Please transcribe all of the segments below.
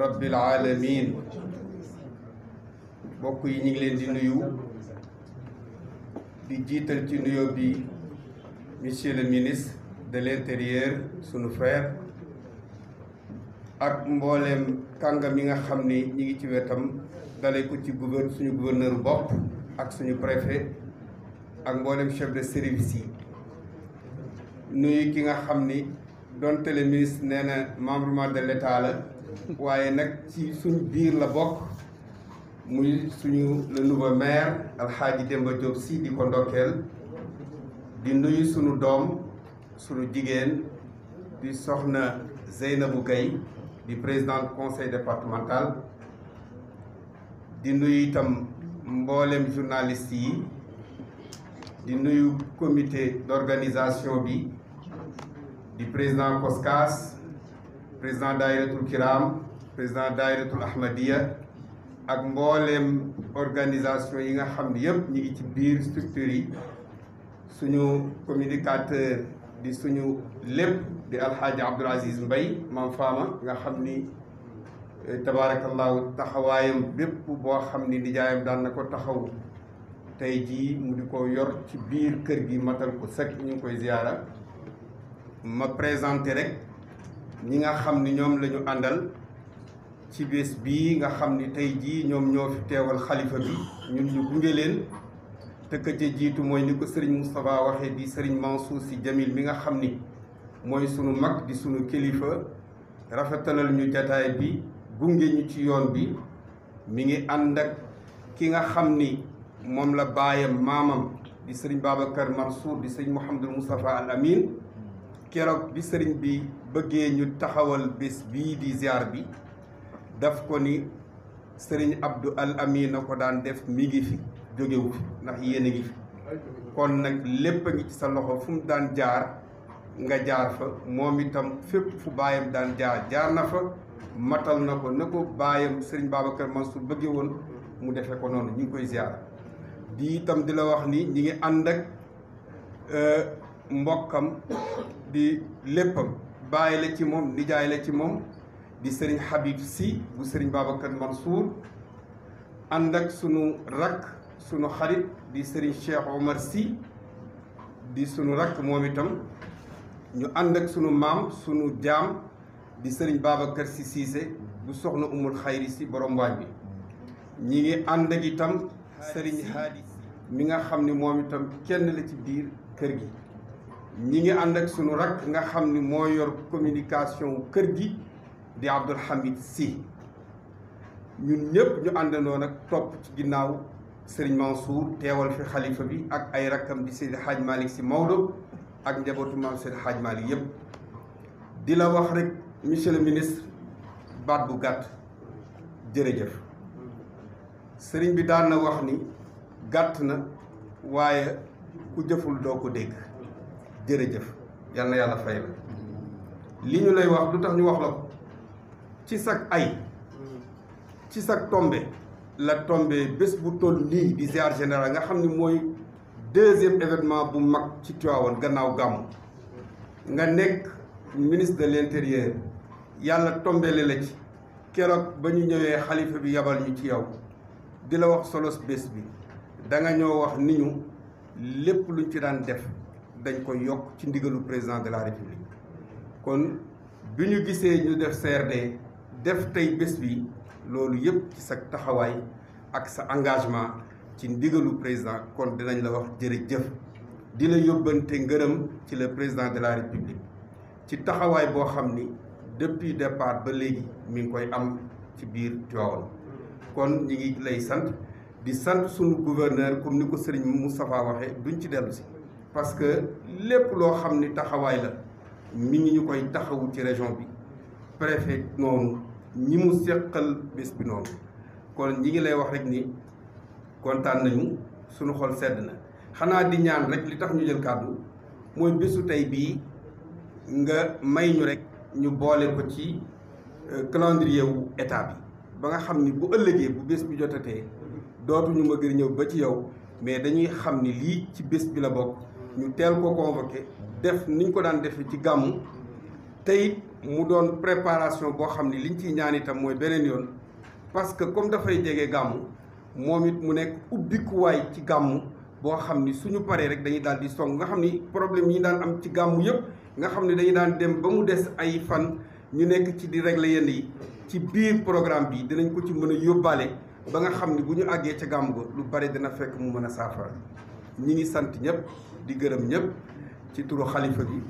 rabbil aalamiin mbokk yi ñu ngi leen di nuyu di jiital ci nuyoo bi monsieur le ministre de l'intérieur suñu frère ak mbooleem kàngam yi nga xam ni ñi ngi ci wetam dale ko ci gouverne suñu gouverneur bopp ak suñu préfet ak mbooleem chef de service yi nuyu ki nga xam ni donte le ministre nee na membrement de l'État la waaye nag ci suñu biir la bokk muy suñu le nouveau maire alxaaji Demba Diop si di ko ndokkeel di nuyu suñu doom suñu jigéen di soxna Zeynabou Gaye di président conseil départemental di nuyu itam mbooleem journaliste yi di nuyu comité d'organisation bi di président COSCAS président daayiratul kiram président daayiratul ahmadiya ak mbooleem organisation yi nga xam ni yëpp ñu ngi ci biir structure yi suñu communicateur di suñu lépp di alxaaji abdul aziz mbay maam faama nga xam ni eh, tabaarakallahu taxawaayam bépp boo xam ni nijaayam daal na ko taxaw tey jii mu di ko yor ci biir kër gi matal ko sëkk ñu koy ziyaara ma présenté rek ñi nga xam ni ñoom lañu àndal ci bés bi nga xam ni tey jii ñoom ñoo fi teewal xalifa bi ñun ñu gunge leen tëkk ca jiitu mooy ni ko sëriñ Moustapha waxee di sëriñ Mansour Sy Djamil mi nga xam ni mooy sunu mag di sunu kilifa rafetalal ñu jataay bi gunge ñu ci yoon bi mi ngi ànd ak ki nga xam ni moom la baayam maamam di sëriñ Babacar Mansour di sëriñ Mouhamadul Moustapha Al Amin keroog bi sëriñ bi bëggee ñu taxawal bés bii di ziar bi daf ko ni sëriñ Abdou Al Amin na ko daan def mi ngi fi jógewu fi ndax yéen a ngi fi kon nag lépp a ngi ci sa loxo fu mu daan jaar nga jaar fa moom itam fépp fu baayam daan na fa matal na ko na ko baayam sëriñ Babacar Mansour bëggee woon mu defee ko noonu ñu ngi koy ziar di itam di la wax ni ñi ngi ànd ak euh, mbokkam di léppam bàyyi la ci moom nijaay la ci moom di sëriñ Habib si bu sëriñ Babacar Mansour ànd ak sunu rakk sunu xarit di sëriñ Cheikh Omar Sy di sunu rakk moom itam ñu ànd ak sunu maam sunu jaam di sëriñ Babacar Sy Cissé bu soxna umul xayri si borom waañ bi ñi ngi ànd ak itam sëriñ Haadi mi nga xam ni moom itam kenn la ci biir kër gi ñi ngi ànd ak sunu rak nga xam ni moo yor communication kër gi di Abdoul Hamid Sy ñun ñëpp ñu àndandoo nag topp ci ginnaaw sëriñ Mansour teewal fi xalifa bi ak ay rakkam di Seydi Hadj Malick Sy Maodo ak njabootu maam Seydi Hadj Malick yëpp di la wax rek monsieur le ministre baat bu gàtt jërëjëf sëriñ bi daan na wax ni gàtt na waaye ku jëful doo ko dégg jërëjëf yal na yàlla fay la li ñu lay wax du tax ñu wax la ko ci sag ay ci sag tombe la tombe bés bu toll nii di ziar général nga xam ni mooy deuxième événement bu mag ci Tivaouane gannaaw gàmmu nga nekk ministre de l'intérieur yàlla tombele la ci keroog ba ñu ñëwee xalifa bi yabal ñu ci yow di la wax solos bés bi da nga ñoo wax niñu ñu lépp luñ ci daan def dañ ko yokk ci ndigalu président de la république kon bi ñu gisee ñu def CRD def tey bés bi loolu yëpp ci sa taxawaay ak sa engagement ci ndigalu président kon dinañ la wax jërëjëf jëf dina yóbbante ngërëm ci la président de la république ci taxawaay boo xam ni depuis départ ba léegi mi ngi koy am ci biir Tivaouane kon ñi ngi lay sant di sant sunu gouverneur comme ni ko sëriñ Moustapha waxee duñ ci dellusi parce que lépp loo xam ni taxawaay la mi ngi ñu koy taxawu ci région bi préfet noonu ñi mu seqal bés bi noonu kon ñi ngi lay wax rek ni kontaan nañu suñu xol sedd na xanaa di ñaan rek li tax ñu jël kàddu mooy bésu tey bii nga may ñu rek ñu boole ko ci euh, calendrier wu état bi ba nga xam ni bu ëllëgee bu bés bi jotatee dootuñu ma gën ñëw ba ci yow mais dañuy xam ni lii ci bés bi la bokk ñu teel ko convoqué def niñ ko daan defee ci gàmmu te it mu doon préparation boo xam ni liñ ciy ñaan itam mooy beneen yoon parce que comme dafay jege gàmmu moom it mu nekk ubbikuwaay ci gàmmu boo xam ni suñu paree rek dañuy daal di song nga xam ni problème yi ñu daan am ci gàmmu yëpp nga xam ne dañu daan dem ba mu des ay fan ñu nekk ci di régler yenn yi ci biir programme bi dinañ ko ci mën a yóbbaale ba nga xam ni bu ñu àggee ca gàmmu ba lu bari dina fekk mu mën a saafara ñi ngi sant ñëpp di gërëm ñëpp ci turu xalifa bi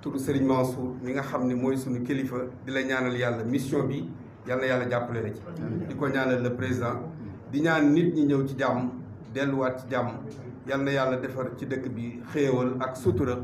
turu Serigne Mansour ñi nga xam ne mooy suñu kilifa di la ñaanal yàlla mission bi yàlla yàlla jàppale la ci di ko ñaanal le président di ñaan nit ñi ñëw ci jàmm delluwaat ci jàmm yàlla yàlla defar ci dëkk bi xéewal ak sutura